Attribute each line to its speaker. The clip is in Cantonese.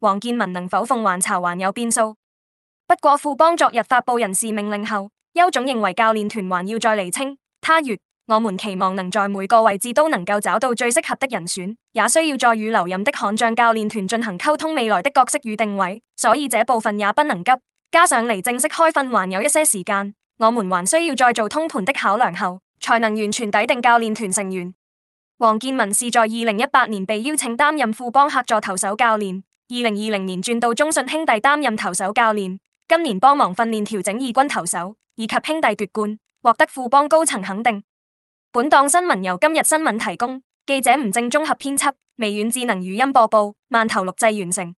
Speaker 1: 王建民能否奉還巢還有變數，不過富邦昨日發佈人事命令後，邱總認為教練團還要再厘清。他說，我們期望能在每個位置都能夠找到最適合的人選，也需要再與留任的悍將教練團進行溝通未來的角色與定位，所以這部分也不能急。加上離正式開訓還有一些時間，我們還需要再做通盤的考量後，才能完全抵定教練團成員。王建民是在二零一八年被邀請擔任富邦客座投手教練。二零二零年轉到中信兄弟擔任投手教練，今年幫忙訓練調整二軍投手，以及兄弟奪冠，獲得富邦高層肯定。本檔新聞由今日新聞提供，記者吳正綜合編輯，微軟智能語音播報，慢頭錄製完成。